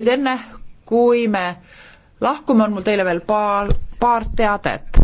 enne kui me lahkume, on mul teile veel paar, paar teadet.